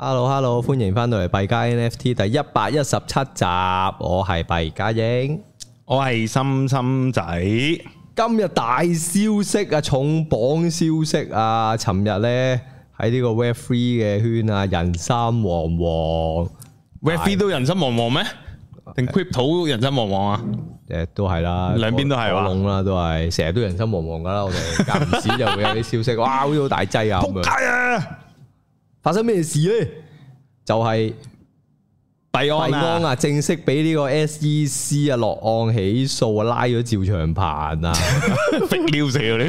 Hello，Hello，歡迎翻到嚟幣加 NFT 第一百一十七集，我係幣加英，我係心心仔。今日大消息啊，重磅消息啊！尋日咧喺呢個 Web3 嘅圈啊，人心惶惶，Web3 都人心惶惶咩？定 Crypto 都人心惶惶啊？誒，都係啦，兩邊都係，我攏啦，都係，成日都人心惶惶噶啦，我哋間唔時就會有啲消息，哇，好似好大劑啊，咁樣，撲街啊！發生咩事咧？就係幣安啊！正式俾呢個 SEC 啊落案起訴啊，拉咗趙長鵬啊，逼尿死你！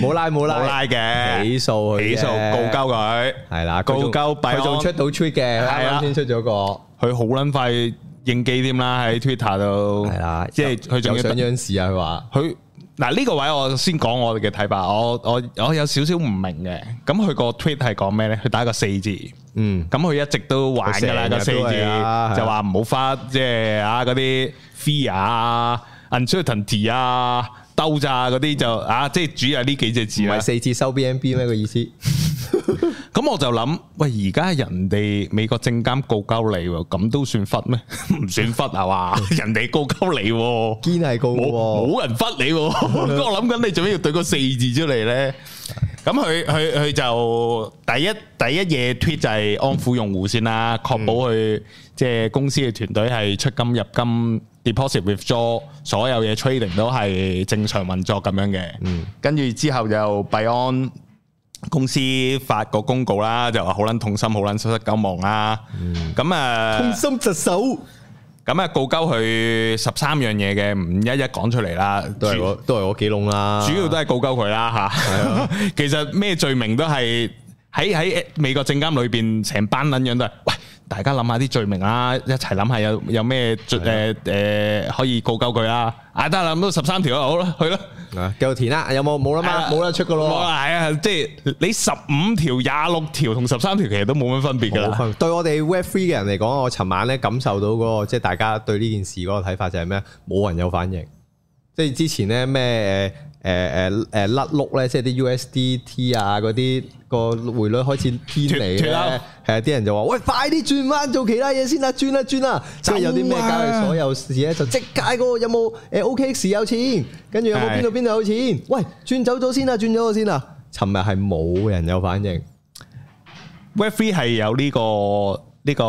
冇拉冇拉冇拉嘅，起訴起訴告交佢係啦，告交幣安佢做出到 Twitter 嘅係啦，啱先出咗個佢好捻快應記添啦喺 Twitter 度係啦，即係佢仲要上央視啊，佢話佢。嗱呢個位我先講我哋嘅睇法，我我我有少少唔明嘅，咁佢個 tweet 係講咩咧？佢打個四字，嗯，咁佢一直都玩㗎啦，個、嗯、四字就話唔好花，即係啊嗰啲 fear 啊、uncertainty、呃、啊、兜咋嗰啲就啊，即係主要係呢幾隻字啦，四字收 BNB 咩個意思？嗯 咁我就諗，喂，而家人哋美國證監告鳩你，咁都算忽咩？唔算忽係話？人哋告鳩你，堅係告，冇人忽你。我諗緊你做咩要懟個四字出嚟咧？咁佢佢佢就第一第一嘢推就係安撫用戶先啦，確保佢即係公司嘅團隊係出金入金 deposit withdraw，所有嘢 trading 都係正常運作咁樣嘅。嗯，跟住之後就幣安。公司發個公告啦，就話好撚痛心，好撚失失交望啦。咁啊，痛心疾首。咁啊，告鳩佢十三樣嘢嘅，唔一一講出嚟啦，都係我，都係我幾籠啦。主要都係告鳩佢啦嚇。其實咩罪名都係喺喺美國證監裏邊，成班撚樣都係。喂，大家諗下啲罪名啦，一齊諗下有有咩誒誒可以告鳩佢啊？唉得啦，咁都十三條啊，好啦，去啦。繼續填啦，有冇冇啦嘛？冇啦，冇得出噶咯。係啊，即係你十五條、廿六條同十三條，條其實都冇乜分別噶。對我哋 Web Three 嘅人嚟講，我尋晚咧感受到嗰個即係大家對呢件事嗰個睇法就係咩？冇人有反應，即係之前咧咩誒。誒誒誒甩碌咧，即係啲 USDT 啊嗰啲個匯率開始偏離咧，係啊，啲人就話：喂，快啲轉翻做其他嘢先啦、啊，轉啦、啊、轉啦、啊！即係有啲咩交易所有事咧，就即解個有冇誒 OKX 有錢，跟住有冇邊度邊度有錢？是喂，轉走咗先啦、啊，轉咗去先啦、啊。尋日係冇人有反應，Web3 係有呢個。呢個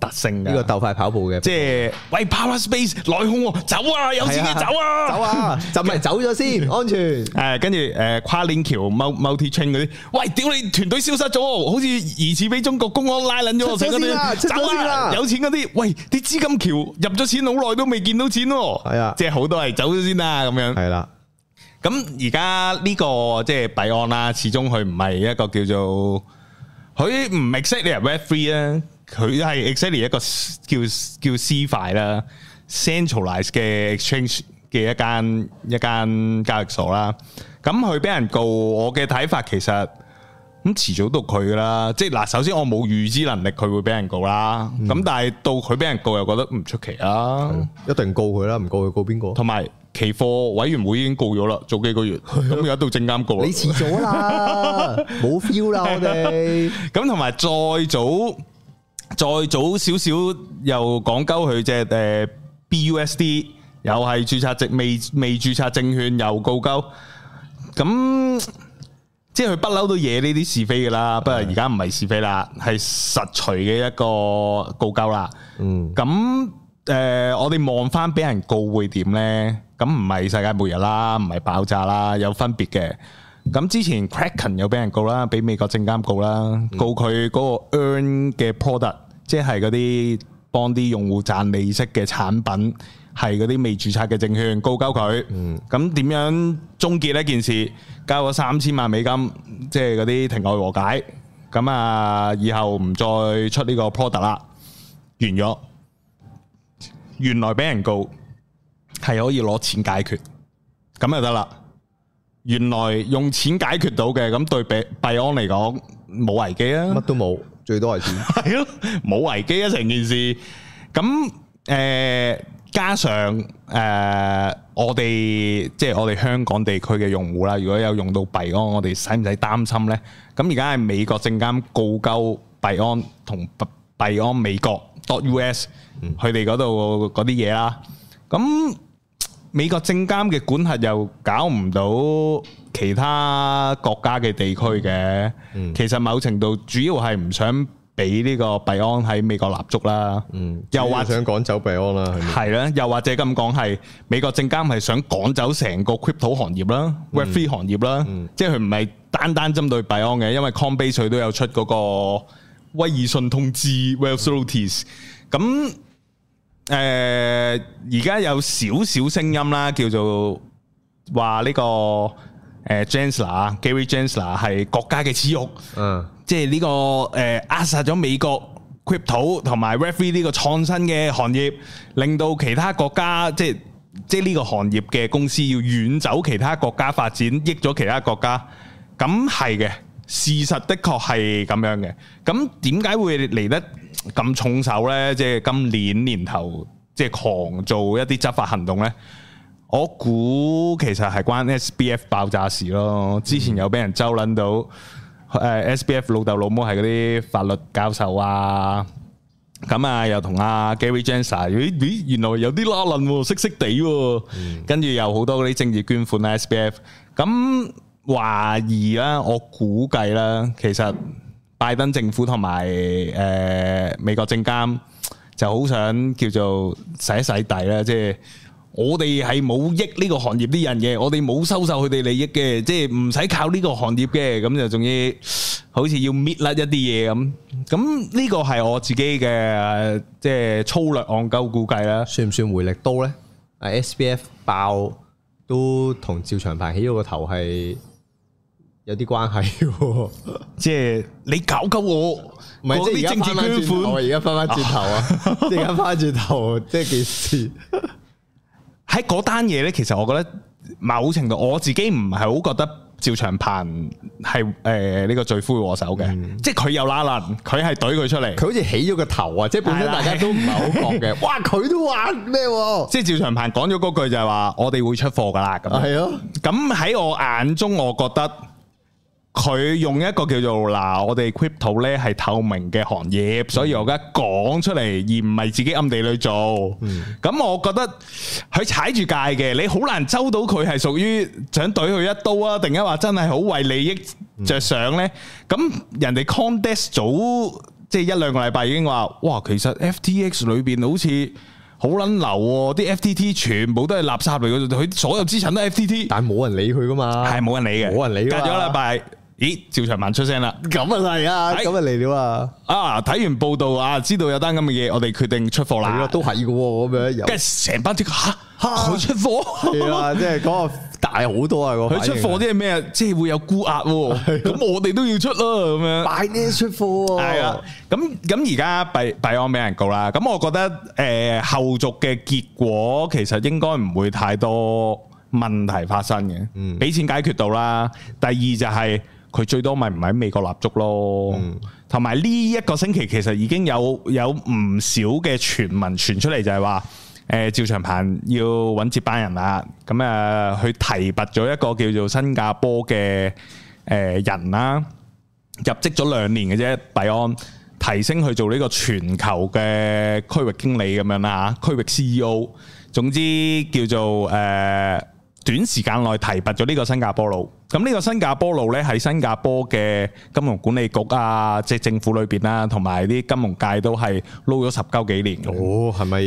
特性，呢個鬥快跑步嘅，即係喂 PowerSpace 內訌、啊，走啊，有錢嘅走啊，走啊，就咪走咗先，安全。誒、啊，跟住誒跨鏈橋 MultiChain 嗰啲，喂，屌你團隊消失咗，好似疑似俾中國公安拉捻咗死嗰啲，啦啦走、啊、啦走、啊，有錢嗰啲，喂，啲資金橋入咗錢好耐都未見到錢，係啊，即係好多係走咗先啦，咁樣。係啦、啊，咁而家呢個即係幣安啦，始終佢唔係一個叫做佢唔 accept 你 Web3 啊。佢係 exactly 一個叫叫 C 塊啦，centralized 嘅 exchange 嘅一間一間交易所啦。咁佢俾人告，我嘅睇法其實咁遲早都佢噶啦。即係嗱，首先我冇預知能力，佢會俾人告啦。咁、嗯、但係到佢俾人告又覺得唔出奇啦、嗯。一定告佢啦，唔告佢告邊個？同埋期貨委員會已經告咗啦，早幾個月。咁有到正啱告，你遲早啦，冇 feel 啦我哋。咁同埋再早。再早少少又講鳩佢隻誒 BUSD，又係註冊證未未註冊證券又告鳩，咁即係佢不嬲都惹呢啲是非噶啦，嗯、不過而家唔係是非啦，係實錘嘅一個告鳩啦。嗯，咁誒、呃，我哋望翻俾人告會點呢？咁唔係世界末日啦，唔係爆炸啦，有分別嘅。咁之前 Kraken 又俾人告啦，俾美國證監告啦，告佢嗰個 earn 嘅 product，即係嗰啲幫啲用戶賺利息嘅產品，係嗰啲未註冊嘅證券，告鳩佢。咁點、嗯、樣終結一件事？交咗三千萬美金，即係嗰啲庭外和解。咁啊，以後唔再出呢個 product 啦，完咗。原來俾人告係可以攞錢解決，咁就得啦。原來用錢解決到嘅，咁對比幣安嚟講冇危機啊，乜都冇，最多係錢，係咯，冇危機啊成件事。咁誒，加上誒，我哋即係我哋香港地區嘅用戶啦，如果有用到幣安，我哋使唔使擔心咧？咁而家係美國證監告鳩幣安同幣安美國 dot U S，佢哋嗰度嗰啲嘢啦，咁。美國證監嘅管轄又搞唔到其他國家嘅地區嘅，其實某程度主要係唔想俾呢個幣安喺美國立足啦。嗯，又或者想趕走幣安啦，係咪？係啦，又或者咁講係美國證監，係想趕走成個 crypto 行業啦，web three 行業啦，即係佢唔係單單針對幣安嘅，因為 Coinbase 佢都有出嗰個威爾信通知 （Wells notice） 咁。誒，而家、呃、有少少聲音啦，叫做話呢、這個誒 Gensler、呃、啊，Gary Gensler 係國家嘅恥辱，嗯，即係呢、這個誒、呃、扼殺咗美國 crypto 同埋 refi 呢個創新嘅行業，令到其他國家即係即係呢個行業嘅公司要遠走其他國家發展，益咗其他國家。咁係嘅，事實的確係咁樣嘅。咁點解會嚟得？咁重手咧，即係今年年頭，即係狂做一啲執法行動咧。我估其實係關 SBF 爆炸事咯。嗯、之前有俾人周撚到，誒、呃、SBF 老豆老母係嗰啲法律教授啊。咁啊，又同阿 Gary Gensler 咦咦，原來有啲拉撚喎，色色地喎。跟住又好多嗰啲政治捐款啊 SBF。咁懷疑啦，我估計啦，其實。拜登政府同埋誒美國證監就好想叫做洗一洗底啦，即係我哋係冇益呢個行業啲人嘅，我哋冇收受佢哋利益嘅，即係唔使靠呢個行業嘅，咁就仲要好似要搣甩一啲嘢咁。咁呢個係我自己嘅即係粗略戇鳩估計啦，算唔算回力刀呢？啊，S B F 爆都同趙長鵬起咗個頭係。有啲關係，即係你搞緊我，唔係即係而家翻翻轉頭啊！而家翻翻轉頭啊！即係翻轉頭，即係件事。喺嗰單嘢咧，其實我覺得某程度我自己唔係好覺得趙長鵬係誒呢個罪魁禍首嘅，嗯、即係佢有拉楞，佢係懟佢出嚟，佢好似起咗個頭啊！即係本身大家都唔係好講嘅，是的 哇！佢都話咩？即係趙長鵬講咗嗰句就係話，我哋會出貨噶啦咁。係咯，咁喺的我眼中，我覺得。佢用一個叫做嗱，我哋 crypto 咧係透明嘅行業，所以我而家講出嚟，而唔係自己暗地裏做。咁我覺得佢踩住界嘅，你好難揪到佢係屬於想懟佢一刀啊？定係話真係好為利益著想咧？咁人哋 CoinDesk 早即係一兩個禮拜已經話：哇，其實 FTX 裏邊好似好撚流喎，啲 FTT 全部都係垃圾嚟嘅，佢所有資產都係 FTT，但係冇人理佢㗎嘛，係冇人理嘅，冇人理隔咗一個禮拜。咦，趙長鵬出聲啦？咁啊嚟啊，咁啊嚟了啊！啊，睇完報道啊，知道有單咁嘅嘢，我哋決定出貨啦。都係嘅，咁樣，跟住成班即係吓，吓佢出貨，即係個大好多啊！佢出貨啲係咩？即係會有沽壓，咁我哋都要出咯，咁樣，快啲出貨。係啊，咁咁而家幣幣安俾人告啦。咁我覺得誒，後續嘅結果其實應該唔會太多問題發生嘅。嗯，俾錢解決到啦。第二就係。佢最多咪唔喺美國立足咯，同埋呢一個星期其實已經有有唔少嘅傳聞傳出嚟，就係話誒趙長鵬要揾接班人啦、啊，咁啊佢提拔咗一個叫做新加坡嘅誒人啦、啊，入職咗兩年嘅啫，幣安提升去做呢個全球嘅區域經理咁樣啦嚇，區域 CEO，總之叫做誒。呃短時間內提拔咗呢個新加坡佬，咁呢個新加坡佬咧喺新加坡嘅金融管理局啊，即係政府裏邊啦，同埋啲金融界都係撈咗十鳩幾年。哦，係咪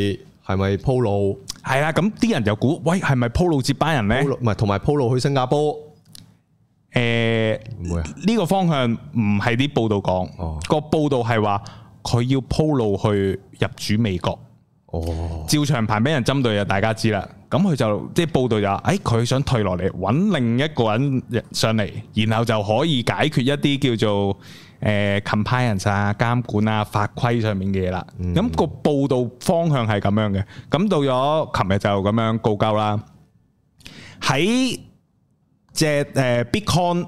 係咪鋪路？係啊，咁啲人就估，喂，係咪鋪路接班人咧？唔係，同埋鋪路去新加坡。誒，呢個方向唔係啲報道講。個報道係話佢要鋪路去入主美國。哦，照長排俾人針對啊，大家知啦。咁佢就即係報道就話，誒佢想退落嚟揾另一個人上嚟，然後就可以解決一啲叫做誒 compliance 啊、監管啊、法規上面嘅嘢啦。咁個報道方向係咁樣嘅。咁到咗琴日就咁樣告鳩啦。喺隻誒 Bitcoin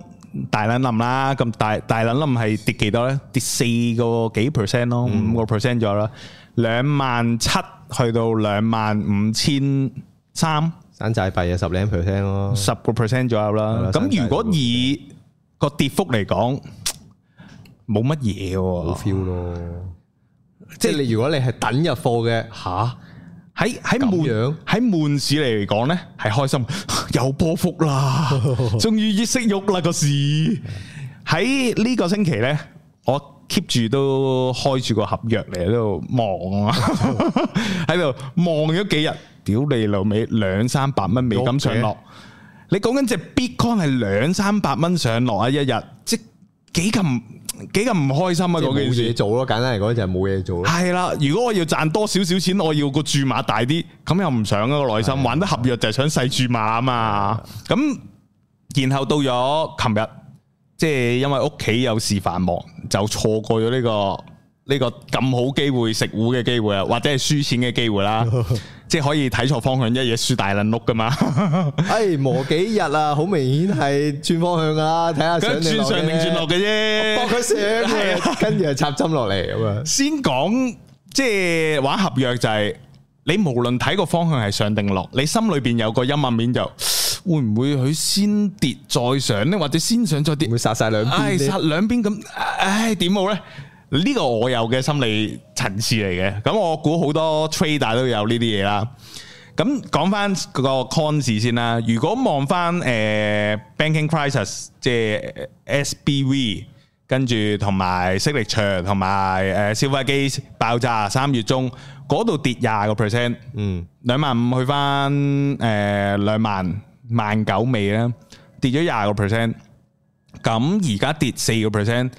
大撚冧啦，咁大大撚冧係跌幾多呢？跌四個幾 percent 咯，五個 percent 咗啦。兩萬七去到兩萬五千。山寨幣啊，十零 percent 咯，十個 percent 左右啦。咁如果以個跌幅嚟講，冇乜嘢喎。冇 feel 咯。即係你如果你係等入貨嘅吓，喺喺悶樣喺悶市嚟講咧，係開心，有波幅啦，終於意識喐啦個市。喺呢個星期咧，我 keep 住都開住個合約嚟喺度望啊，喺度望咗幾日。屌你老味，兩三百蚊未敢上落，Okay. 你講緊隻 Bitcoin 係兩三百蚊上落啊一日，即幾咁幾咁唔開心啊！嗰件事冇嘢做咯，簡單嚟講就係冇嘢做。係啦，如果我要賺多少少錢，我要個注碼大啲，咁又唔想啊個內心，玩得合約就係想細注碼啊嘛。咁 然後到咗琴日，即係因為屋企有事繁忙，就錯過咗呢、這個呢、這個咁好機會食糊嘅機會啊，或者係輸錢嘅機會啦。 即係可以睇錯方向，一嘢輸大輪碌噶嘛？誒磨幾日啊，好明顯係轉方向噶啦，睇下轉上定轉落嘅啫，博佢上，跟住係插針落嚟咁啊！先講即係玩合約，就係你無論睇個方向係上定落，你心裏面有個陰暗面，就會唔會佢先跌再上咧，或者先上再跌，會殺曬兩邊啲？殺兩邊咁，唉點好咧？呢個我有嘅心理層次嚟嘅，咁我估好多 trader 都有呢啲嘢啦。咁講翻個 cons 先啦。如果望翻誒 banking crisis，即係 SBV，跟住同埋息力場同埋誒 Silvergate 爆炸，三月中嗰度跌廿個 percent，嗯，兩萬五去翻誒兩萬萬九尾啦，跌咗廿個 percent。咁而家跌四個 percent。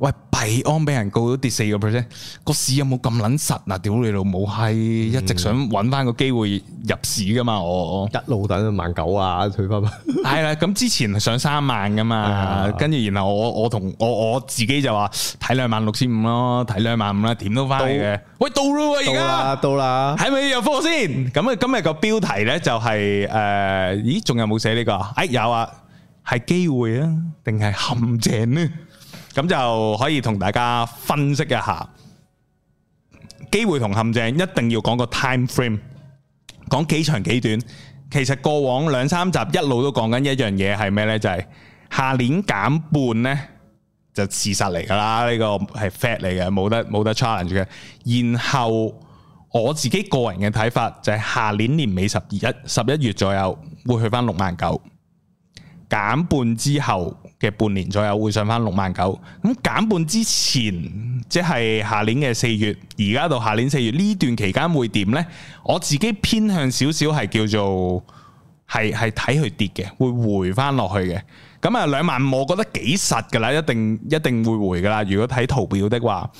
喂，幣安俾人告咗跌四個 percent，個市有冇咁撚實嗱？屌你老母閪，係一直想揾翻個機會入市噶嘛？我一路等一萬九啊，退翻翻。係啦，咁之前上三萬噶嘛，跟住然後我我同我我自己就話睇兩萬六千五咯，睇兩萬五啦，點都翻嚟嘅。喂，到啦喎，而家到啦，到啦，係咪入貨先？咁啊，今日個標題咧就係誒，咦，仲有冇寫呢個？哎，有啊，係機會啊，定係陷阱呢？咁就可以同大家分析一下機會同陷阱，一定要講個 time frame，講幾長幾短。其實過往兩三集一路都講緊一樣嘢，係咩呢？就係下年減半呢，就事實嚟㗎啦。呢個係 fact 嚟嘅，冇得冇得 challenge 嘅。然後我自己個人嘅睇法就係下年年尾十二一十一月左右會去返六萬九，減半之後。嘅半年左右會上翻六萬九，咁減半之前即係下年嘅四月，而家到下年四月呢段期間會點呢？我自己偏向少少係叫做係係睇佢跌嘅，會回翻落去嘅。咁啊兩萬，我覺得幾實噶啦，一定一定會回噶啦。如果睇圖表的話，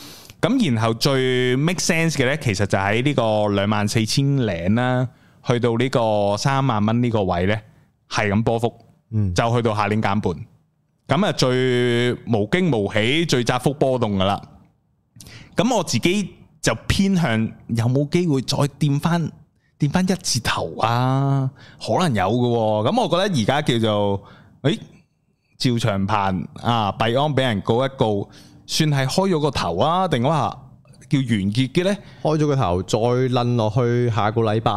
咁然後最 make sense 嘅呢，其實就喺呢個兩萬四千零啦，去到呢個三萬蚊呢個位呢，係咁波幅，嗯，就去到下年減半。咁啊，最無驚無喜，最窄幅波動噶啦。咁我自己就偏向有冇機會再掂翻掂翻一次頭啊？可能有噶，哦。咁我覺得而家叫做誒，趙長鵬啊，幣安俾人告一告，算係開咗個頭啊？定乜叫完結嘅咧，開咗個頭，再論落去下個禮拜，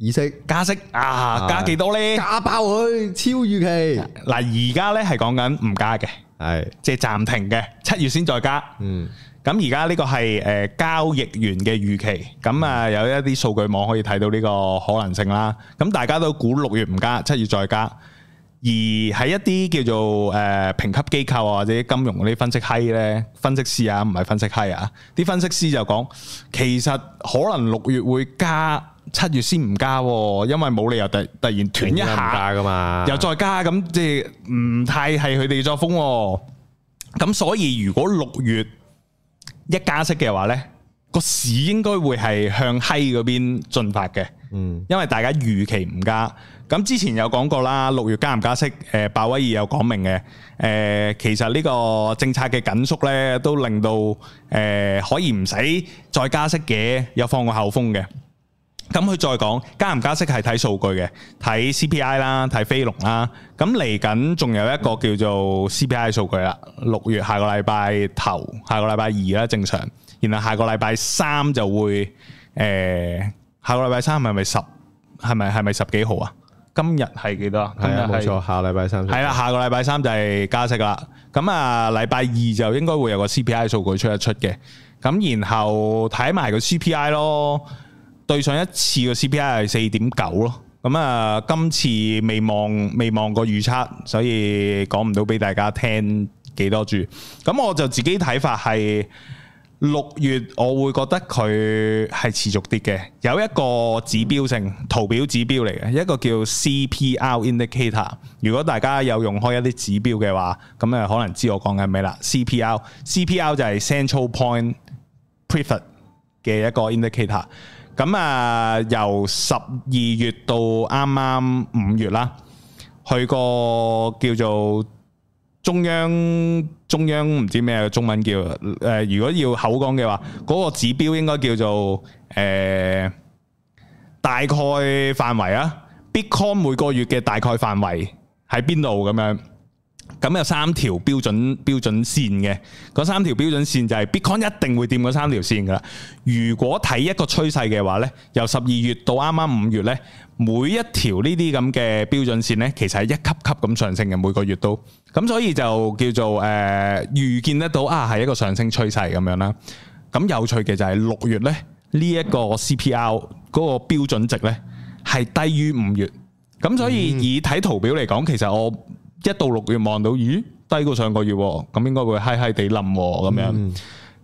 議息加息啊，加幾多咧？加爆佢，超預期。嗱，而家咧係講緊唔加嘅，係即係暫停嘅，七月先再加。嗯，咁而家呢個係誒交易員嘅預期，咁啊有一啲數據網可以睇到呢個可能性啦。咁大家都估六月唔加，七月再加。而喺一啲叫做誒、呃、評級機構啊，或者金融嗰啲分析閪呢，分析師啊，唔係分析閪啊，啲分析師就講，其實可能六月會加，七月先唔加，啊，因為冇理由突突然斷一下㗎嘛，又再加，咁即係唔太係佢哋作風，啊。咁所以如果六月一加息嘅話呢，個市應該會係向閪嗰邊進發嘅。嗯，因為大家預期唔加，咁之前有講過啦，六月加唔加息？誒，鮑威爾有講明嘅。誒，其實呢個政策嘅緊縮咧，都令到誒可以唔使再加息嘅，有放過口風嘅。咁佢再講加唔加息係睇數據嘅，睇 CPI 啦，睇非農啦。咁嚟緊仲有一個叫做 CPI 數據啦，六月下個禮拜頭，下個禮拜二啦正常，然後下個禮拜三就會誒。下個禮拜三係咪十係咪係咪十幾號啊？今日係幾多？係啊，冇錯，下禮拜三係啦、啊。下個禮拜三就係加息啦。咁啊，禮拜二就應該會有個 CPI 數據出一出嘅。咁然後睇埋個 CPI 咯，對上一次個 CPI 係四點九咯。咁啊，今次未望未望過預測，所以講唔到俾大家聽幾多注。咁我就自己睇法係。六月我會覺得佢係持續啲嘅，有一個指標性圖表指標嚟嘅，一個叫 c p r indicator。如果大家有用開一啲指標嘅話，咁啊可能知我講緊咩啦。c p r c p r 就係 central point pivot r 嘅一個 indicator、啊。咁啊由十二月到啱啱五月啦，去個叫做。中央中央唔知咩中文叫誒、呃，如果要口講嘅話，嗰、那個指標應該叫做誒、呃、大概範圍啊。Bitcoin 每個月嘅大概範圍喺邊度咁樣？咁有三條標準標準線嘅，嗰三條標準線就係 Bitcoin 一定會掂嗰三條線噶啦。如果睇一個趨勢嘅話呢，由十二月到啱啱五月呢。每一條呢啲咁嘅標準線呢，其實係一級級咁上升嘅，每個月都咁，所以就叫做誒預見得到啊，係一個上升趨勢咁樣啦。咁有趣嘅就係六月呢，呢一個 CPI 嗰個標準值呢，係低於五月，咁所以以睇圖表嚟講，其實我一到六月望到咦低過上個月，咁應該會嗨嗨地冧咁樣。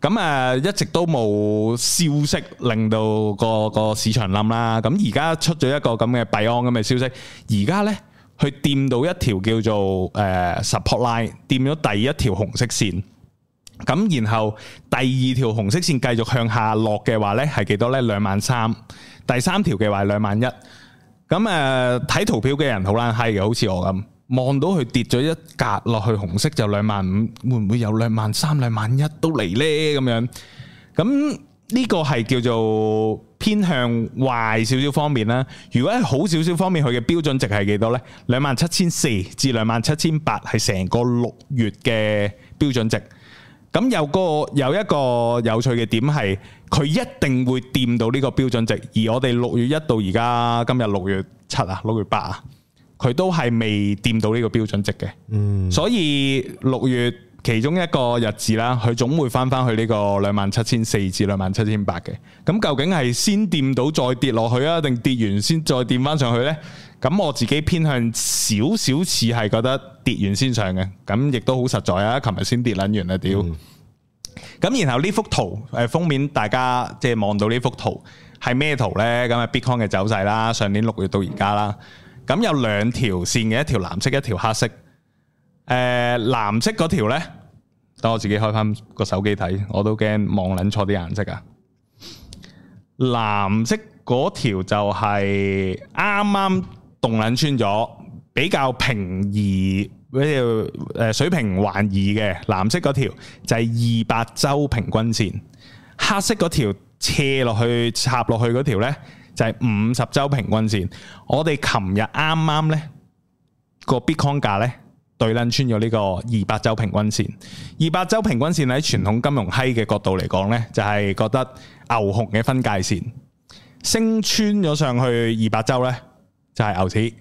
咁啊，一直都冇消息令到個個市場冧啦。咁而家出咗一個咁嘅幣安咁嘅消息，而家呢，去掂到一條叫做誒 support line，掂咗第一條紅色線。咁然後第二條紅色線繼續向下落嘅話呢，係幾多呢？兩萬三。第三條嘅話係兩萬一。咁誒睇圖表嘅人好撚閪嘅，好似我咁。望到佢跌咗一格落去，紅色就兩萬五，會唔會有兩萬三、兩萬一都嚟呢？咁樣，咁呢個係叫做偏向壞少少方面啦。如果係好少少方面，佢嘅標準值係幾多呢？兩萬七千四至兩萬七千八係成個六月嘅標準值。咁有個有一個有趣嘅點係，佢一定會掂到呢個標準值。而我哋六月一到而家今日六月七啊，六月八啊。佢都係未掂到呢個標準值嘅。嗯、所以六月其中一個日子啦，佢總會翻翻去呢個兩萬七千四至兩萬七千八嘅。咁究竟係先掂到再跌落去啊，定跌完先再掂翻上去呢？咁我自己偏向少少似係覺得跌完先上嘅，咁亦都好實在啊！琴日先跌捻完啊屌！咁、嗯、然後呢幅圖誒、呃、封面，大家即係望到呢幅圖係咩圖呢？咁啊，Bitcoin 嘅走勢啦，上年六月到而家啦。咁有兩條線嘅，一條藍色，一條黑色。誒、呃，藍色嗰條呢，等我自己開翻個手機睇，我都驚望捻錯啲顏色啊！藍色嗰條就係啱啱動捻穿咗，比較平而嗰條水平橫移嘅藍色嗰條就係二百週平均線，黑色嗰條斜落去插落去嗰條呢。就係五十週平均線，我哋琴日啱啱呢，呢個 Bitcoin 價對撚穿咗呢個二百週平均線。二百週平均線喺傳統金融閪嘅角度嚟講呢，就係、是、覺得牛熊嘅分界線。升穿咗上去二百週呢，就係、是、牛市；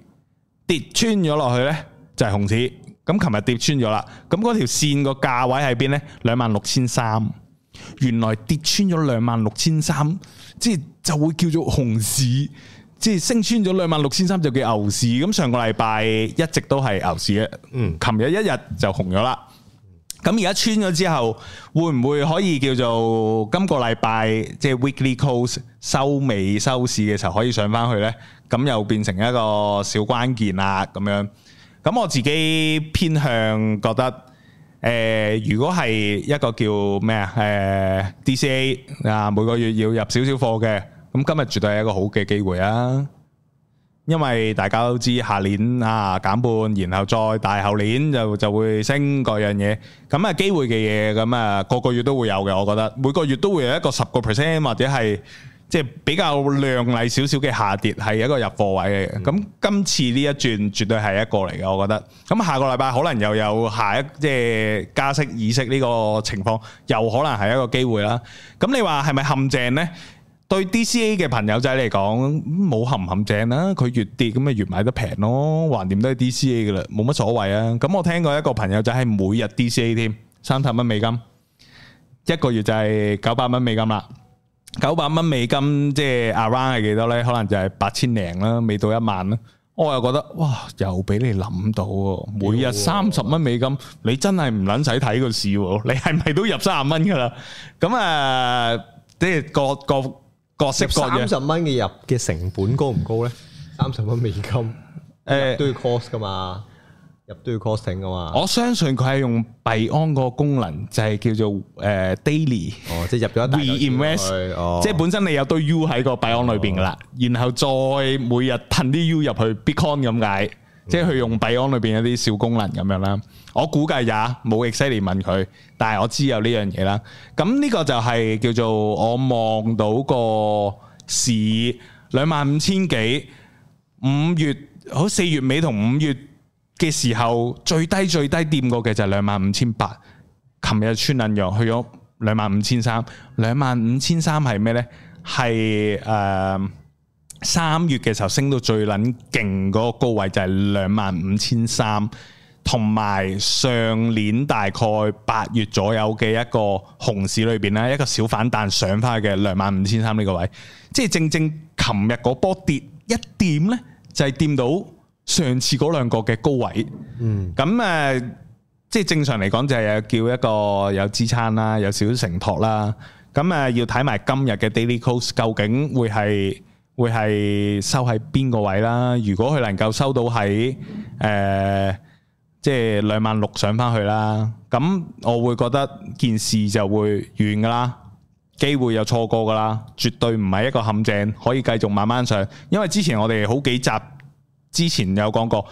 跌穿咗落去呢，就係、是、熊市。咁琴日跌穿咗啦，咁嗰條線個價位喺邊呢？兩萬六千三，原來跌穿咗兩萬六千三。即係就會叫做熊市，即係升穿咗兩萬六千三就叫牛市。咁上個禮拜一直都係牛市嘅，嗯，琴日一日就紅咗啦。咁而家穿咗之後，會唔會可以叫做今個禮拜即係 weekly close 收尾收市嘅時候可以上翻去呢？咁又變成一個小關鍵啦，咁樣。咁我自己偏向覺得。誒、呃，如果係一個叫咩啊？誒、呃、DCA 啊，每個月要入少少貨嘅，咁、啊、今日絕對係一個好嘅機會啊！因為大家都知下年啊減半，然後再大後年就就會升各樣嘢，咁啊機會嘅嘢，咁啊個個月都會有嘅，我覺得每個月都會有一個十個 percent 或者係，即係比較亮麗少少嘅下跌係一個入貨位嘅，咁今次呢一轉絕對係一個嚟嘅，我覺得。咁下個禮拜可能又有下一即係加息議息呢個情況，又可能係一個機會啦。咁你話係咪陷阱呢？對 DCA 嘅朋友仔嚟講冇陷唔陷阱啦，佢越跌咁咪越買得平咯，橫掂都係 DCA 嘅啦，冇乜所謂啊。咁我聽過一個朋友仔就係每日 DCA 添，三十蚊美金，一個月就係九百蚊美金啦。九百蚊美金即係 around 係幾多咧？可能就係八千零啦，未到一萬啦。我又覺得哇，又俾你諗到喎！每日三十蚊美金，你真係唔撚使睇個市，你係咪都入三十蚊噶啦？咁啊、呃，即係各各各色各樣。三十蚊嘅入嘅成本高唔高咧？三十蚊美金，誒都要 cost 噶嘛？呃入都要 costing 㗎嘛！我相信佢係用幣安個功能，就係叫做誒 daily，哦，即係入咗一大，即係本身你有堆 U 喺個幣安裏邊噶啦，然後再每日噴啲 U 入去 Bitcoin 咁解，即係佢用幣安裏邊一啲小功能咁樣啦。我估計也冇 exactly 問佢，但係我知有呢樣嘢啦。咁呢個就係叫做我望到個市兩萬五千幾，五月好四月尾同五月。嘅時候最低最低掂過嘅就係兩萬五千八，琴日穿撚陽去咗兩萬五千三，兩萬五千三係咩呢？係誒三月嘅時候升到最撚勁嗰個高位就係兩萬五千三，同埋上年大概八月左右嘅一個熊市裏邊啦，一個小反彈上翻去嘅兩萬五千三呢個位，即係正正琴日嗰波跌一掂呢，就係掂到。上次嗰兩個嘅高位，嗯，咁誒，即係正常嚟講就係叫一個有支撐啦，有少少承托啦。咁誒，要睇埋今日嘅 daily close 究竟會係會係收喺邊個位啦？如果佢能夠收到喺誒即係兩萬六上返去啦，咁我會覺得件事就會完㗎啦，機會又錯過㗎啦，絕對唔係一個陷阱，可以繼續慢慢上。因為之前我哋好幾集。之前有講過，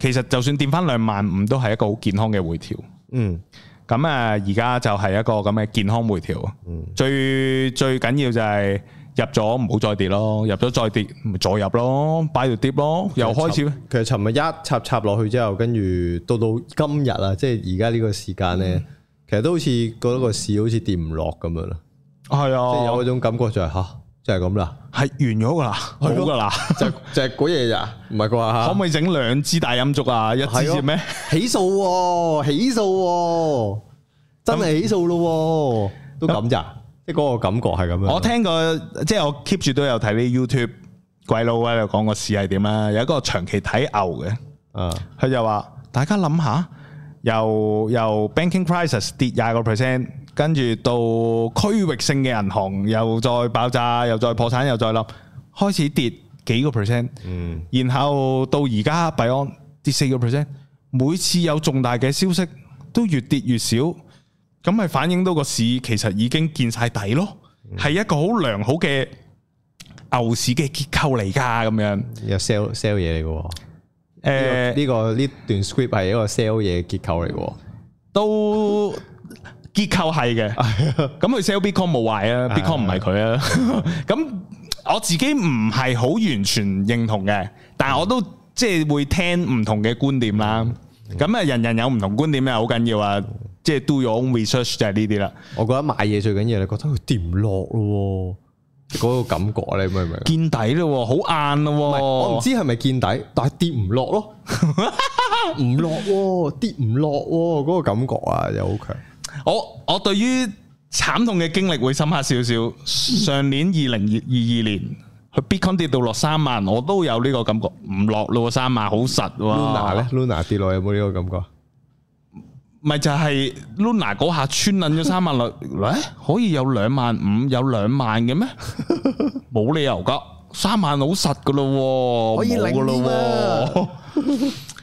其實就算跌翻兩萬五都係一個好健康嘅回調。嗯，咁啊，而家就係一個咁嘅健康回調。嗯，最，最最緊要就係入咗唔好再跌咯，入咗再跌咪再入咯，擺條跌咯，其實 又開始。其實尋日一插插落去之後，跟住到到今日啊，即係而家呢個時間咧，嗯、其實都好似覺得個市好似跌唔落咁樣啦。係啊，即係有嗰種感覺就係、係、嚇。啊就係咁啦，係完咗噶啦，好噶啦，就就係嗰嘢咋，唔係啩？ 可唔可以整兩支大陰燭啊？一支咩？起訴喎、哦，起訴喎、哦，真係起訴咯、哦，那都咁咋？即係嗰個感覺係咁樣。我聽過即係我 keep 住都有睇啲 YouTube 鬼佬喺度講個市係點啦，有一個長期睇牛嘅，嗯，佢就話大家諗下，由由 Banking Crisis 跌廿個 percent。跟住到區域性嘅銀行又再爆炸，又再破產，又再冧，開始跌幾個 percent。嗯，然後到而家幣安跌四個 percent。每次有重大嘅消息都越跌越少，咁咪反映到個市其實已經見晒底咯，係、嗯、一個好良好嘅牛市嘅結構嚟噶。咁樣又 sell sell 嘢嚟嘅喎，呢、呃這個呢、這個、段 script 係一個 sell 嘢結構嚟嘅喎，都。 結構係嘅，咁佢 sell Bitcoin 冇壞啊，Bitcoin 唔係佢啊。咁我自己唔係好完全認同嘅，但係我都即係會聽唔同嘅觀點啦。咁啊，人人有唔同觀點啊，好緊要啊。即係 do your own research 就係呢啲啦。我覺得買嘢最緊要你覺得佢跌唔落咯，嗰個感覺你明唔明？見底咯，好硬咯，我唔知係咪見底，但係跌唔落咯，唔落跌唔落嗰個感覺啊，又好強。我我對於慘痛嘅經歷會深刻少少。上年二零二二年，佢 Bitcoin 跌到落三萬，我都有呢個感覺，唔落咯，三萬好實。Luna 咧，Luna 跌落有冇呢個感覺？咪就係 Luna 嗰下穿捻咗三萬六，咧可以有兩萬五，有兩萬嘅咩？冇理由噶，三萬好實噶咯，可以零啲咯。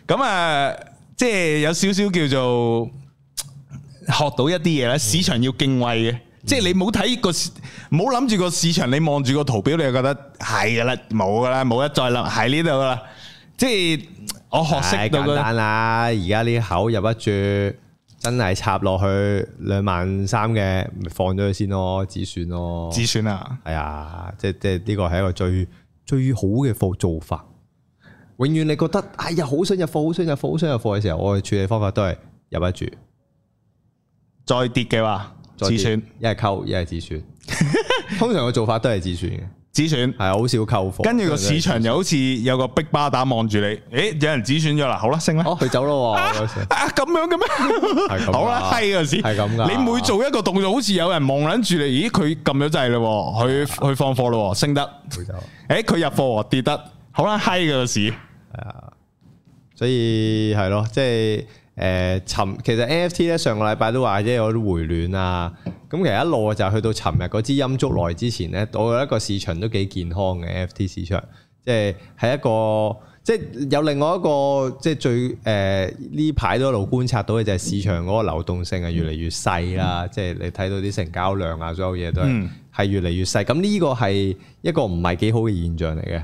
咁啊，即係有少少叫做。學到一啲嘢咧，市場要敬畏嘅，嗯、即係你冇睇個冇諗住個市場，你望住個圖表，你就覺得係噶啦，冇噶啦，冇得再諗啦，喺呢度啦。即、就、係、是、我學識到。簡單啦，而家呢口入一注，真係插落去兩萬三嘅，咪放咗佢先咯，止損咯。止損啊？係啊、哎，即係即係呢個係一個最最好嘅貨做法。永遠你覺得哎呀，好想入貨，好想入貨，好想入貨嘅時候，我嘅處理方法都係入一注。再跌嘅話，止損，一係扣，一係止損。通常嘅做法都係止損嘅，止損係好少扣貨。跟住個市場又好似有個逼巴打望住你，誒，有人止損咗啦，好啦，升啦，佢走咯。啊，咁樣嘅咩？好啦，閪嗰時係咁嘅。你每做一個動作，好似有人望撚住你。咦，佢撳咗掣啦，佢佢放貨啦，升得。佢走。誒，佢入貨跌得，好啦，閪嗰時。係啊，所以係咯，即係。誒，尋、呃、其實 NFT 咧上個禮拜都話啫有啲回暖啊，咁其實一路就去到尋日嗰支陰燭來之前咧，我覺得一個市場都幾健康嘅 NFT 市場，即係喺一個即係、就是、有另外一個即係、就是、最，誒呢排都一路觀察到嘅就係市場嗰個流動性係越嚟越細啦，即係、嗯、你睇到啲成交量啊，所有嘢都係係、嗯、越嚟越細，咁呢個係一個唔係幾好嘅現象嚟嘅。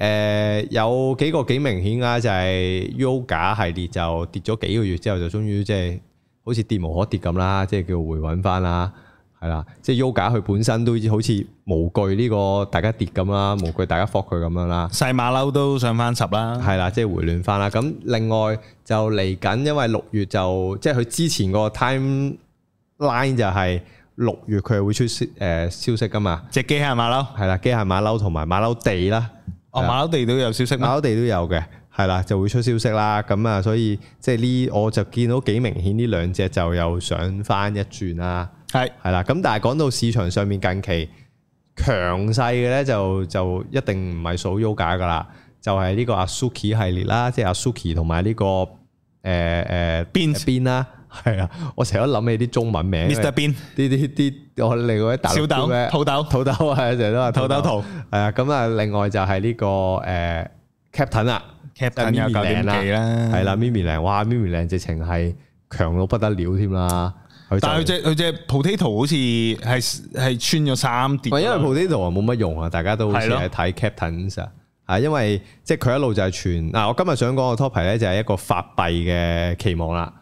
誒、呃、有幾個幾明顯啊，就係 Yuga 系列就跌咗幾個月之後，就終於即係好似跌無可跌咁啦，即、就、係、是、叫回穩翻啦，係啦，即係 Yuga 佢本身都好似模具呢個大家跌咁啦，模具大家 fork 佢咁樣啦，細馬騮都上翻十啦，係啦，即、就、係、是、回暖翻啦。咁另外就嚟緊，因為六月就即係佢之前個 timeline 就係六月佢會出誒消息噶嘛，隻機械馬騮係啦，機械馬騮同埋馬騮地啦。哦，的馬兜地都有消息咩？馬兜地都有嘅，係啦，就會出消息啦。咁啊，所以即係呢，我就見到幾明顯呢兩隻就又上翻一轉啦。係的，係啦。咁但係講到市場上面近期強勢嘅咧，就就一定唔係數 U 假噶啦，就係、是、呢個阿 Suki 系列啦，即係阿 Suki 同埋呢個誒誒邊邊啦。呃 ans 係啊，我成日都諗起啲中文名，Mr. Bean，啲啲啲，我另外位大陸佬咧，土豆，土豆，土豆係成日都話土豆圖，係啊，咁啊，另外就係呢個誒 Captain 啊 Captain 有啲 m i 啦，係啦，Mimi 靚，哇，Mimi 靚直情係強到不得了添啦，但係佢隻佢隻 Potato 好似係係穿咗三碟，因為 Potato 啊冇乜用啊，大家都係咯，睇 Captain 先啊，因為即係佢一路就係傳嗱，我今日想講個 topic 咧就係一個發幣嘅期望啦。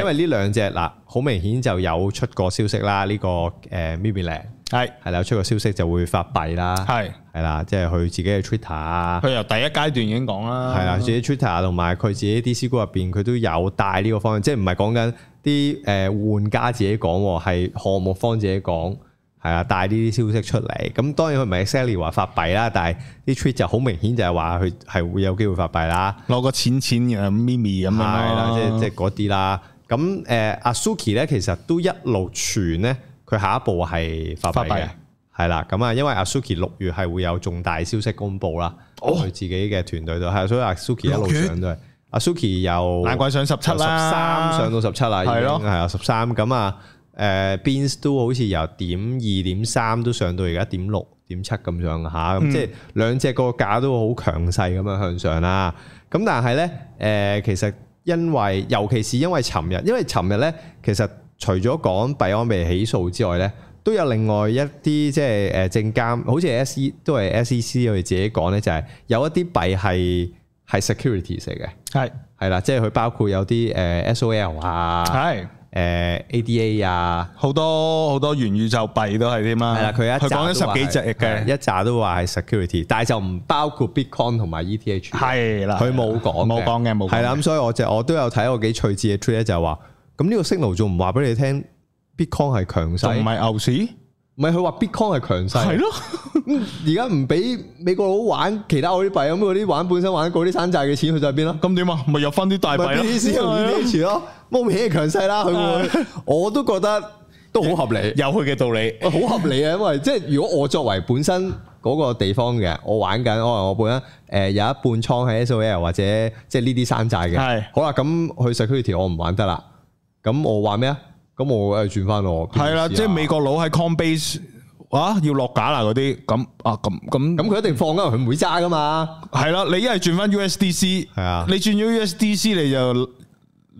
因為呢兩隻嗱，好明顯就有出過消息啦。呢、呢個誒咪 i m i 係是啦，有出過消息就會發幣啦，係係是啦，即係佢自己嘅 Twitter 啊。佢由第一階段已經講啦，係啦，自己 Twitter 同埋佢自己啲 DC group 入邊，佢都有帶呢個方向，即係唔係講緊啲誒玩家自己講，係項目方自己講，係啊，帶呢啲消息出嚟。咁當然佢唔係 Xelly 話發幣啦，但係啲 tweet 就好明顯就係話佢係會有機會發幣啦。攞個錢錢咪咪 i m 咁啦啊，係啦，即係即係嗰啲啦。咁誒阿 Suki 咧，其實都一路傳咧，佢下一步係發幣嘅，係啦。咁啊，因為阿 Suki 六月係會有重大消息公布啦，佢自己嘅團隊都係，所以阿 Suki 一路上都係阿 Suki 由難怪上十七啦，十三上到十七啦，已經，係啊，十三。咁啊誒 Beans 都好似由點二點三都上到而家點六點七咁樣吓，咁即係兩隻個價都會好強勢咁樣向上啦。咁但係咧誒，其實。因為尤其是因為尋日，因為尋日咧，其實除咗講幣安被起訴之外咧，都有另外一啲即係誒，證監，好似 S.E 都係 S.E.C 佢哋自己講咧，就係、係、有一啲幣係係 security 嚟嘅。係係啦，即係佢包括有啲誒 S.O.L 啊。係。誒 ADA 啊，好多好多元宇宙幣都係添啦。係啦，佢一佢講咗十幾隻嘅，一扎都話係 security，但係就唔包括 Bitcoin 同埋 ETH。係啦，佢冇講，冇講嘅冇。係啦，咁所以我就我都有睇個幾趣致嘅 tree 咧，就係話咁呢個 signal 仲唔話俾你聽，Bitcoin 係強勢唔係牛市。咪佢話 Bitcoin 係強勢，係咯是的？而家唔俾美國佬玩其他嗰啲幣咁，嗰啲玩本身玩嗰啲山寨嘅錢，去咗喺邊咯？咁點啊？咪又分啲大幣咯？意思用啲啲錢咯，冇起嘅強勢啦，佢會、嗯、我都覺得都好也合理，有佢嘅道理，好合理啊！因為即係如果我作為本身嗰個地方嘅，我玩緊可能我本身誒有一半倉喺 SOL 或者即係呢啲山寨嘅，的好啦。咁去 security 我唔玩得啦。咁我玩咩啊？咁我誒轉翻我係啦，啊、即係美國佬喺 Coinbase 啊，要落架啦嗰啲，咁啊咁咁咁佢一定放，因為佢唔會揸噶嘛，係啦，你一係轉翻 USDC 係啊，你轉咗 USDC 你就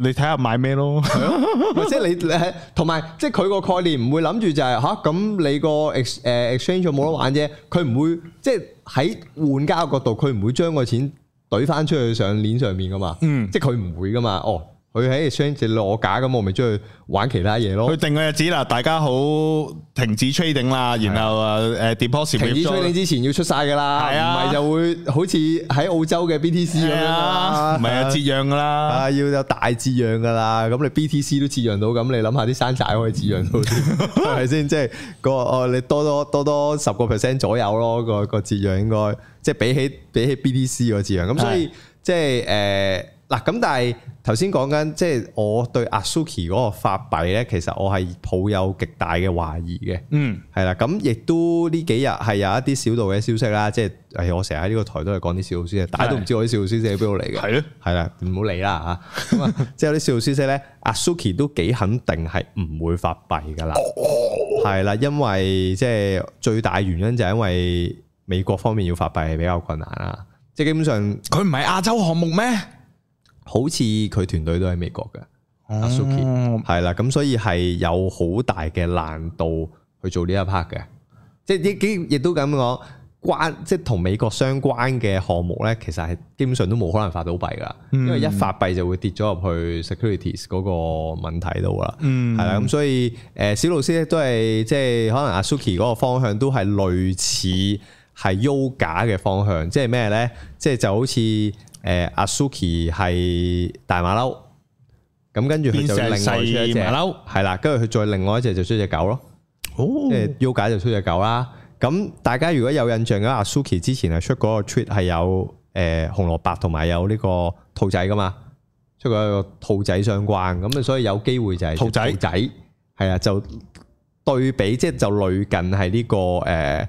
你睇下買咩咯，係咯，即係你你同埋即係佢個概念唔會諗住就係吓，咁你個 ex exchange 冇得玩啫，佢唔會即係喺換家角度，佢唔會將個錢兌翻出去上鏈上面噶嘛，嗯，即係佢唔會噶嘛，哦。佢喺個 exchange 落架咁，我咪出去玩其他嘢咯。佢定個日子啦，大家好，停止 trading 啦，然後誒誒 deposit。停止 trading 之前要出曬噶啦，係啊，唔係就會好似喺澳洲嘅 BTC 咁樣啊，唔係啊，折讓噶啦，啊要有大折讓噶啦，咁你 BTC 都折讓到，咁你諗下啲山寨可以折讓到，係咪先？即係個哦，你多多多多十個 percent 左右咯，個個折讓應該即係比起比起 BTC 個折讓，咁所以即係誒嗱咁，但係。頭先講緊，即係、就是、我對阿 Suki 嗰個發幣咧，其實我係抱有極大嘅懷疑嘅。嗯，係啦，咁亦都呢幾日係有一啲小道嘅消息啦，即係誒，我成日喺呢個台都係講啲小道消息，大家都唔知我啲小道消息喺邊度嚟嘅。係咯的，係啦，唔好理啦吓。即係有啲小道消息咧，阿的 Suki 都幾肯定係唔會發幣噶啦，係啦、哦哦哦，因為即係最大原因就係因為美國方面要發幣係比較困難啦，即係基本上佢唔係亞洲項目咩？好似佢團隊都喺美國嘅，阿 Suki 係啦，咁所以係有好大嘅難度去做呢一 part 嘅，即係亦亦都咁講關即係同美國相關嘅項目咧，其實係基本上都冇可能發到幣噶，因為一發幣就會跌咗入去 securities 嗰個問題度啦，係啦、mm.，咁所以誒、呃、小老師咧都係即係可能阿 Suki 嗰個方向都係類似係 Yuga 嘅方向，即係咩咧？即係就好似。誒，阿 Suki 係大馬騮，咁跟住佢就另外一隻 lider 馬騮人，係啦，跟住佢再另外一隻就出隻狗咯。哦，即係腰解就出隻狗啦。咁大家如果有印象嘅，阿 Suki 之前係出嗰個 Treat 係有誒紅蘿蔔同埋有呢個兔仔噶嘛，出一個兔仔相關，咁啊所以有機會就係兔仔，係啊子，就對比即係就類近係、這、呢個誒。呃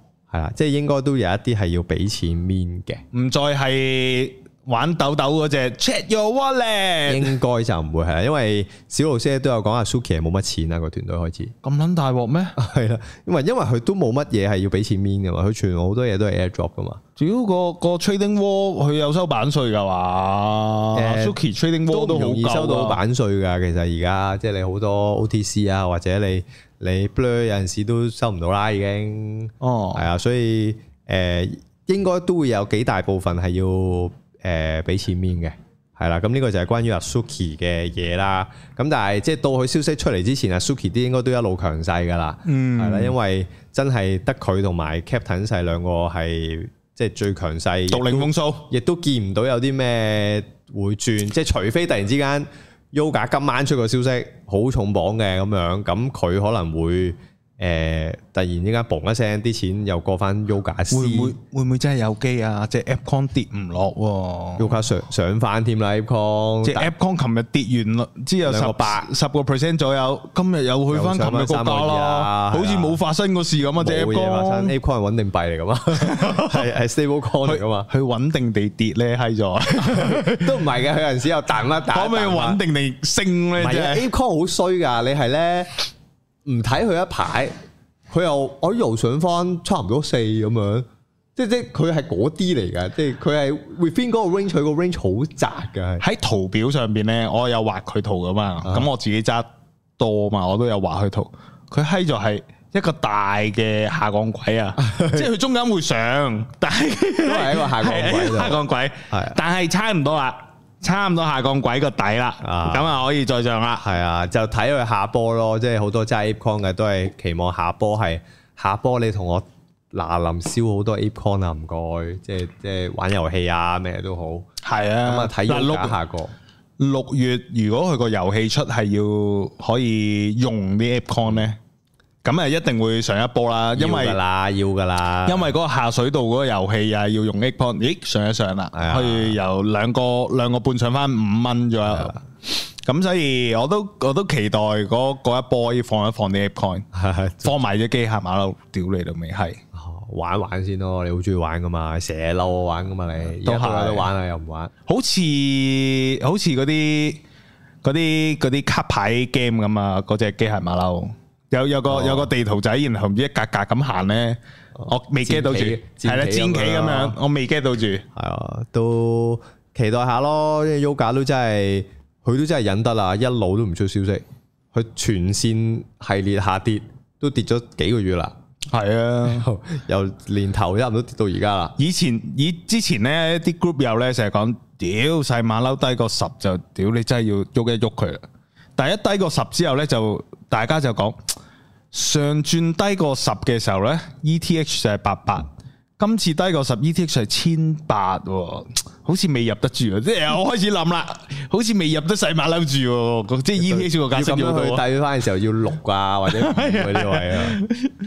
係啦，即係應該都有一啲係要俾錢面嘅，唔再係玩豆豆嗰隻 check your wallet，應該就唔會係，因為小路師都有講阿 Suki 冇乜錢啊、個團隊開始，咁撚大鑊咩？係啦， 因為因為佢都冇乜嘢係要俾錢面噶嘛，佢全部好多嘢都係 air drop 噶嘛，主要個個 trading wall 佢有收版稅噶嘛，Suki trading wall 都容易收到版稅噶，其實而家即係你好多 OTC 啊或者你。你 blue 有陣時都收唔到啦，已經，係啊、哦，所以誒、呃、應該都會有幾大部分係要誒俾、呃、錢面嘅，係啦。咁呢個就係關於 Azuki 嘅嘢啦。咁但係即係到佢消息出嚟之前，Azuki 啲應該都一路強勢㗎啦，係啦，因為真係得佢同埋 Captainz 兩個係即係最強勢，獨、嗯、都領風騷，亦都見唔到有啲咩會轉，即、就、係、是、除非突然之間。而家今晚出個消息，好重磅嘅咁樣，咁佢可能會。誒，突然之間嘣一聲，啲錢又過翻 Yuga。會唔會會唔會真係有機啊？即係 ApeCoin 跌唔落 Yuga 上上翻添啦。ApeCoin 即係 ApeCoin 琴日跌完啦，之後十個 percent 左右，今日又去翻琴日嗰價啦。好似冇發生過事咁啊 ApeCoin，ApeCoin 係穩定幣嚟噶嘛？係係 stable coin 嚟噶嘛？佢穩定地跌咧係咗，都唔係嘅。有陣時又彈一彈。可唔可以穩定地升咧 ApeCoin 好衰噶，你係咧？唔睇佢一排，佢又我又上翻差唔多四咁樣，即係即佢係嗰啲嚟嘅，即係佢係 within 嗰個 range，佢個 range 好窄嘅。喺圖表上邊咧，我有畫佢圖噶嘛，咁、啊、我自己揸多嘛，我都有畫佢圖。佢閪就係一個大嘅下降軌啊， 即係佢中間會上，但係都係一個下降軌， 下降軌，下降軌的但係差唔多啦。差唔多下降鬼個底啦，啊，咁啊可以再上啦，係啊，就睇佢下波咯，即係好多揸 Ape coin 嘅都係期望下波係下波，你同我嗱臨燒好多 Ape coin 啊，唔該，即係即係玩遊戲啊咩都好，係啊，咁啊睇而碌下個六，過六月，如果佢個遊戲出係要可以用啲 Ape coin 咧。咁啊，一定會上一波啦，因為噶啦，要噶啦，因為嗰個下水道嗰個遊戲啊，要用 ApeCoin，咦，上一上啦，可以由兩個兩個半上翻五蚊左右，咁所以我都我都期待嗰嗰一波要放一放啲 ApeCoin，放埋隻機械馬騮，屌你老味，玩一玩先咯，你好中意玩噶嘛，成日嬲我玩噶嘛你，都喺度玩啊，又唔玩，好似好似嗰啲嗰啲嗰啲卡牌 game 咁啊，嗰隻機械馬騮。有有個有個地圖仔，然後唔知一格格咁行咧，哦、我未 get 到住，係啦棋，戰對棋咁樣，哦、我未 get 到住，係啊，都期待下咯。Yoga 都真係，佢都真係忍得啦，一路都唔出消息，佢全線系列下跌都跌咗幾個月啦。係啊， 由年頭差唔多跌到而家啦。以前以之前咧啲 group 友咧成日講，屌細馬騮低個十就屌，你真係要喐一喐佢第一低過十之後咧，就大家就講上轉低過十嘅時候咧，ETH 就係八八。今次低過十，ETH 係千八，好似未入得住啊！即、欸、係我開始諗啦，好似未入得細馬騮住。即係 ETH 個價要要低翻嘅時候要六啊，或者嗰啲位啊，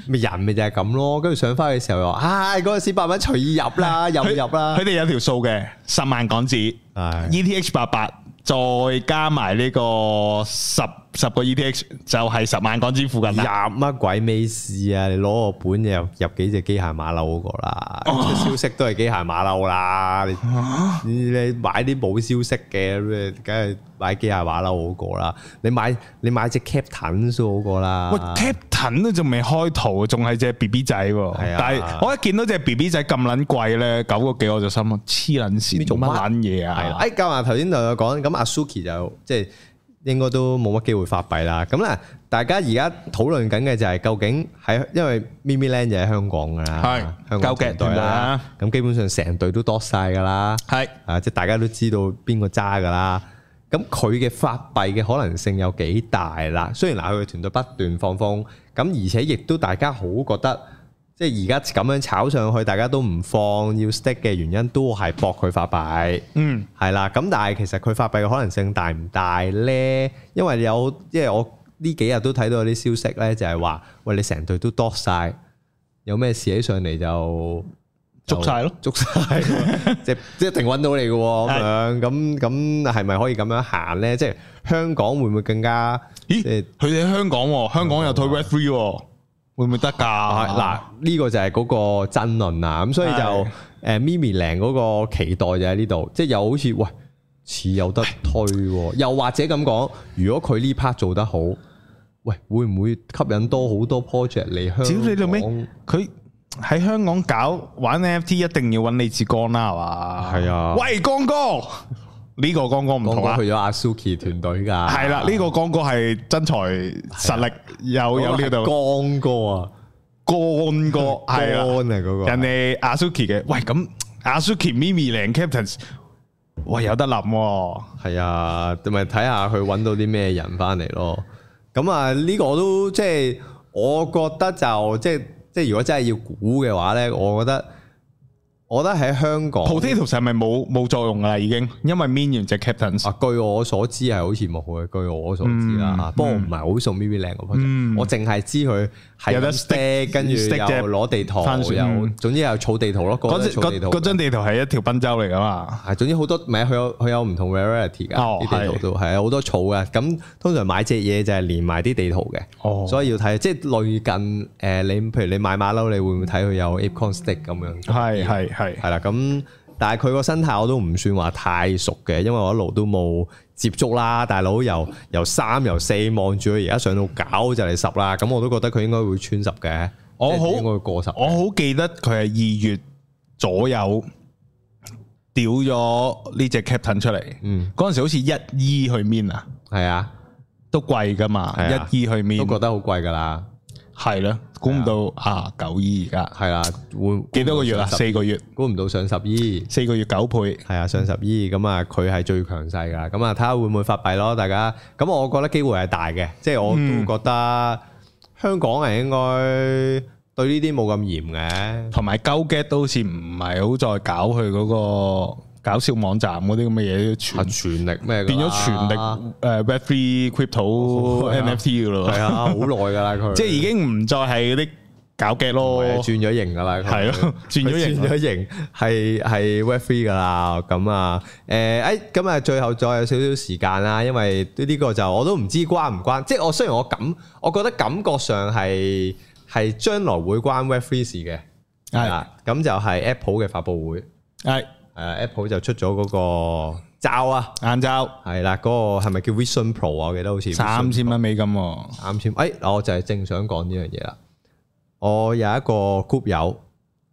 咪 人咪就係咁咯。跟住上翻嘅時候又話，唉、哎，嗰陣時百蚊隨意入啦，對入入啦。佢哋有條數嘅十萬港紙，ETH 八八。 e 再加埋呢個十。十個 ETH 就係十萬港紙附近啦。廿乜鬼咩事啊？你攞個本入入幾隻機械馬騮好過啦。啊、消息都係機械馬騮啦。你、啊、你買啲冇消息嘅，咁梗係買機械馬騮好過啦。你買你買隻 Captain 先好過啦。喂，Captain 都仲未開圖，仲係隻 BB 仔喎。啊。但係我一見到隻 BB 仔咁撚貴咧，九個幾我就心啊黐撚線做乜撚嘢啊？係啊、哎。誒，教華頭先就有講，咁阿 Suki 就即係。應該都冇乜機會發幣啦。咁咧，大家而家討論緊嘅就係究竟喺因為 Memeland 就喺香港噶啦，係香港團隊啦。咁基本上成隊都多曬噶啦，係啊，即係大家都知道邊個揸噶啦。咁佢嘅發幣嘅可能性有幾大啦？雖然嗱，佢個團隊不斷放風，咁而且亦都大家好覺得。即係而家咁樣炒上去，大家都唔放要 stick 嘅原因，都係博佢發幣。嗯，係啦。咁但係其實佢發幣嘅可能性大唔大咧？因為有即係我呢幾日都睇到啲消息咧，就係話：喂，你成隊都篤曬，有咩事起上嚟就捉曬咯，捉曬，即即係一定揾到你嘅咁樣。咁咁係咪可以咁樣行咧？即係香港會唔會更加？咦？佢哋喺香港，香港又推 Red Three。會唔會得噶？嗱、啊，呢、這個就係嗰個爭論啊，咁的所以就誒 Mimi Ling 嗰個期待就喺呢度，即係又好似喂似有得推、啊，的又或者咁講，如果佢呢 part 做得好，喂，會唔會吸引多好多 project 嚟香港？佢喺香港搞玩 NFT，一定要揾你志光啦，係嘛的？係啊，喂，光哥。 呢個光光唔同啊，去咗阿 Suki 團隊噶，係啦， 呢、這個光哥係真材實力又、啊、有呢度，光哥啊，光哥係 哥 啊，嗰、那個人哋阿 Suki 嘅，喂咁阿 Suki Mimi 零 captains，喂有得諗，係啊，同咪睇下佢揾到啲咩人翻嚟咯，咁啊呢個都即係、就是、我覺得就即係即係如果真係要估嘅話咧，我覺得。我覺得喺香港，potato 係咪冇冇作用㗎啦？已經，因為 mean 完隻 captain。啊，據我所知係好似冇嘅，據我所知啦嚇。不過唔係好熟，咪咪靚我淨係知佢有得 stick，跟住又攞地圖，又總之有草地圖咯。嗰張地圖係一條賓州嚟㗎嘛。係，總之好多，名，佢有佢有唔同 variety 㗎。啲地圖都係好多草㗎。咁通常買隻嘢就係連埋啲地圖嘅。所以要睇，即係類近誒，你譬如你買馬騮，你會唔會睇佢有 icon stick 咁樣？係係係係啦，咁但係佢個身態我都唔算話太熟嘅，因為我一路都冇接觸啦。大佬由3，由三由四望住佢，而家上到九就嚟十啦，咁我都覺得佢應該會穿十嘅。我好應該會過十，我好記得佢係二月左右屌咗呢隻 Captain 出嚟。嗯，嗰陣時好似一 E 去 mint 啊，係啊的，都貴噶嘛，的一 E 去 mint 都覺得好貴噶啦。係啦，估唔到啊九億而家係啦，會幾多個月啊？四個月，估唔到上十億，四個月九倍，係啊上十億，嗯，咁啊佢係最強勢噶，咁啊睇下會唔會發幣咯，大家，咁我覺得機會係大嘅，即係我都覺得香港係應該對呢啲冇咁嚴嘅，同埋高 get 都好似唔係好再搞佢嗰個，搞笑網站嗰啲咁嘅嘢，全全力咩變咗全力誒，Web3 Crypto NFT 噶咯，係啊，好耐噶啦佢，即係已經唔再係嗰啲搞 gag 咯，轉咗型噶啦，係咯，轉咗型，轉咗型係係 Web3 噶啦，咁啊誒，咁啊，最後再有少少時間啦，因為呢個就我都唔知關唔關，即係我雖然我感，我覺得感覺上係係將來會關 Web3 事嘅，係啦，咁就係 Apple 嘅發布會，係。誒，Apple 就出咗嗰個罩啊，眼罩係啦，嗰、那個係咪叫 Vision Pro 啊？我記得好似三千蚊美金、哦，三千誒、哎，我就係正想講呢樣嘢啦。我有一個 group 友，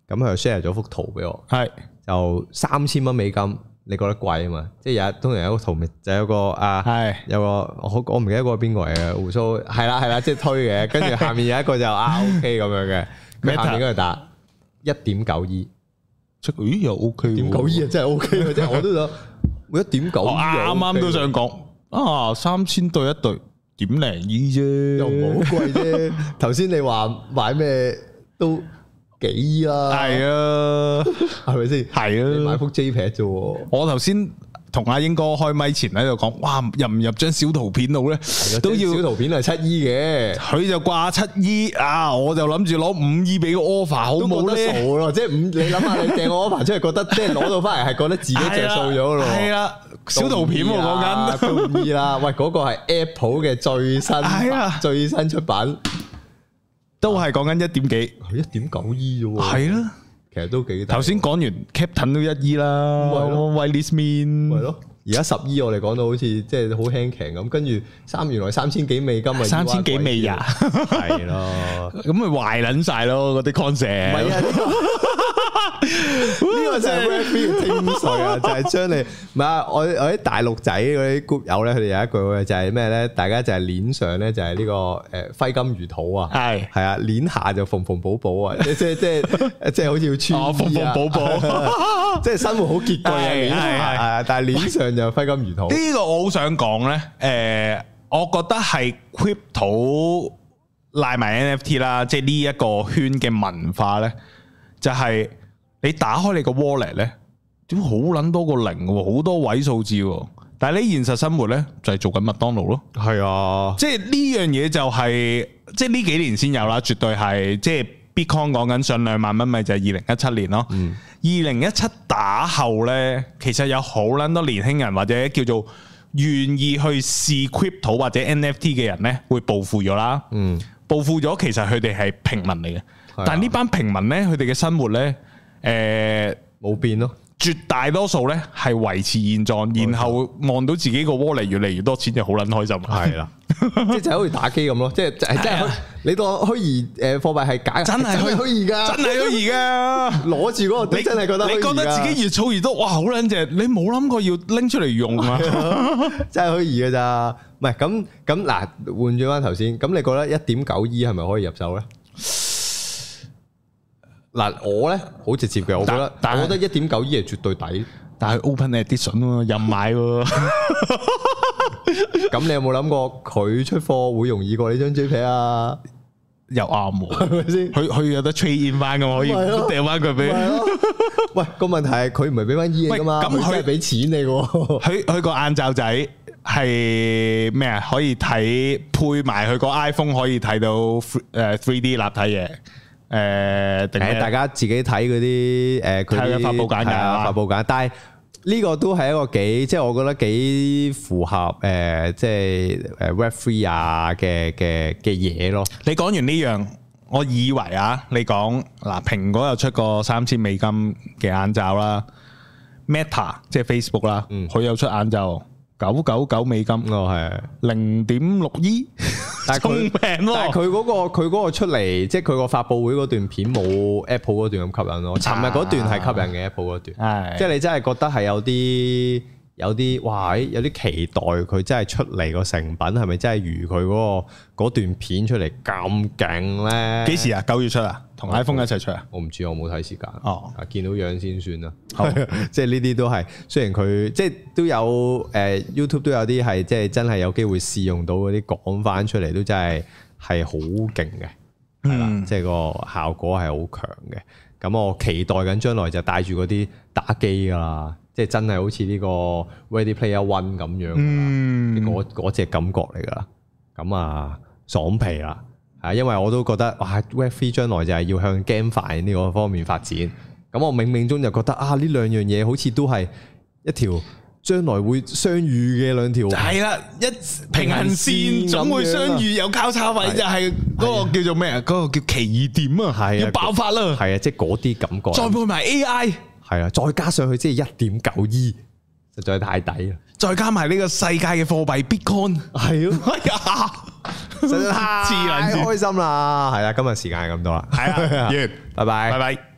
咁佢 share 咗幅圖俾我，係是就三千蚊美金，你覺得貴啊嘛？即係有通常有一個圖咪就有一個啊，係有個我我唔記得嗰個邊個嚟嘅鬍鬚，係啦係啦，即係、就是、推嘅， 跟住下面有一個就啊 OK 咁樣嘅，佢下面嗰度打一點九二。出咦又 O K，點九二啊真係 O K，即係我都想，我一點九二，啱啱都想講啊三千對一對點零二啫，又唔好貴啫。頭先你話買咩都幾啊，係啊，係咪先？係啊，買幅 JPEG 啫。我頭先。同阿英哥開咪前喺度講，哇，入唔入張小圖片度咧？都要小圖片係七二嘅，佢就掛七二啊！我就諗住攞五二俾個 offer，好冇得數咯。即係五，你諗下，你掟個 offer 出嚟，覺得即係攞到翻嚟，係覺得自己着數咗咯。係啦，小圖片我講緊五二啦。喂，嗰個係 Apple 嘅最新最新出版，都係講緊一點幾，佢一點九二啫喎。係啦。其實都幾大頭先講完，Captain 都一億啦，咁咪咯 why this mean？係咯的，而家十億我哋講到好似即係好輕騎咁，跟住三原來三千幾美金咪三千幾美日，係咯，咁咪 的 壞撚晒咯嗰啲 concept。的 呢 個就係聽水啊！就係、是、將你唔係啊！我我啲大陸仔嗰啲谷友咧，佢哋有一句就係咩咧？大家就係鏈上咧就係呢個誒揮金如土啊！係係啊，鏈下就縫縫補補啊！即即即即好似要穿縫縫補補，即係生活好拮據啊！係係，但係鏈上就揮、這個、金如土。呢個我好想講咧，誒、呃，我覺得係 Crypto 賴埋 NFT 啦，即係呢一個圈嘅文化咧，就係、是。你打開你個 wallet 咧，點好捻多個零嘅、啊，好多位數字、啊。但係你現實生活咧，就係、是、做緊麥當勞咯。係啊，即係呢樣嘢就係、是，即係呢幾年先有啦，絕對係。即係 Bitcoin 講緊上兩萬蚊，咪就係二零一七年咯。二零一七打後咧，其實有好捻多年輕人或者叫做願意去試 crypto 或者 NFT 嘅人咧，會暴富咗啦。嗯，暴富咗，其實佢哋係平民嚟嘅。啊、但係呢班平民咧，佢哋嘅生活咧。誒，冇、欸、變咯，絕大多數咧係維持現狀，變然後望到自己個 wallet 嚟越嚟越多錢就好捻開心。係啦了，即係 好似打機咁咯，即係即係即係你當虛擬誒貨幣係假，真係虛擬噶，真係虛擬噶。攞住嗰個，你真係覺得，你覺得自己越儲越多，哇，好捻正！你冇諗過要拎出嚟用啊？真係虛擬噶咋？唔係咁咁嗱，換轉翻頭先，咁你覺得一點九二係咪可以入手咧？嗱，我咧好直接嘅，我覺得，但係我覺得一點九 E 係絕對抵，但係 Open Edition 咯，任買喎。咁你有冇諗過佢出貨會容易過你張 JPG 啊？又啱喎，係咪先？佢佢有得 Trade In 翻噶嘛？可以掟翻佢俾？喂，個問題係佢唔係俾翻 E 嘢噶嘛？佢係俾錢你。佢佢個眼罩仔係咩啊？可以睇配埋佢個 iPhone 可以睇到誒 three D 立體嘢。誒，定係、呃、大家自己睇嗰啲誒，佢啲發布簡噶，發布簡。法但係呢個都係一個幾，即、就、係、是、我覺得幾符合誒，即係誒 Web Three 啊嘅嘅嘅嘢咯。就是、你講完呢樣，我以為啊，你講，嗱，蘋果又出過三千美金嘅眼罩啦，Meta 即係 Facebook 啦、嗯，佢又出眼罩。九九九美金個係零點六億，但係佢但係佢嗰個佢嗰個出嚟，即係佢個發布會嗰段片冇 Apple 嗰段咁吸引我。尋日嗰段係吸引嘅 Apple 嗰段，即係、啊、你真係覺得係有啲。有啲哇，有啲期待佢真係出嚟個成品係咪真係如佢嗰、嗰個段片出嚟咁勁咧？幾時啊？九月出啊？同 iPhone 一齊出啊？嗯、我唔知，我冇睇時間。哦，啊，見到樣先算啦。哦、 即係呢啲都係，雖然佢即係都有，誒 YouTube 都有啲係即係真係有機會試用到嗰啲講返出嚟，都真係係好勁嘅，係啦、嗯，即係個效果係好強嘅。咁我期待緊將來就帶住嗰啲打機㗎喇！即係真係好似呢個 Ready Player One 咁樣，嗰嗰隻感覺嚟噶啦。咁啊，爽皮啊，係因為我都覺得哇，Web Three 將來就係要向 GameFi 呢個方面發展。咁我冥冥中就覺得啊，呢兩樣嘢好似都係一條將來會相遇嘅兩條，係啦，一平行線總會相遇有交叉位，就係嗰個叫做咩啊？嗰個叫奇異點啊，係要爆發啦，係啊，即係嗰啲感覺。再配埋 AI。係啊，再加上去即係一點九二，實在太抵啦！再加埋呢個世界嘅貨幣 bitcoin，係啊，真係太開心啦！係啦，今日時間係咁多啦，係，完，拜拜，拜拜。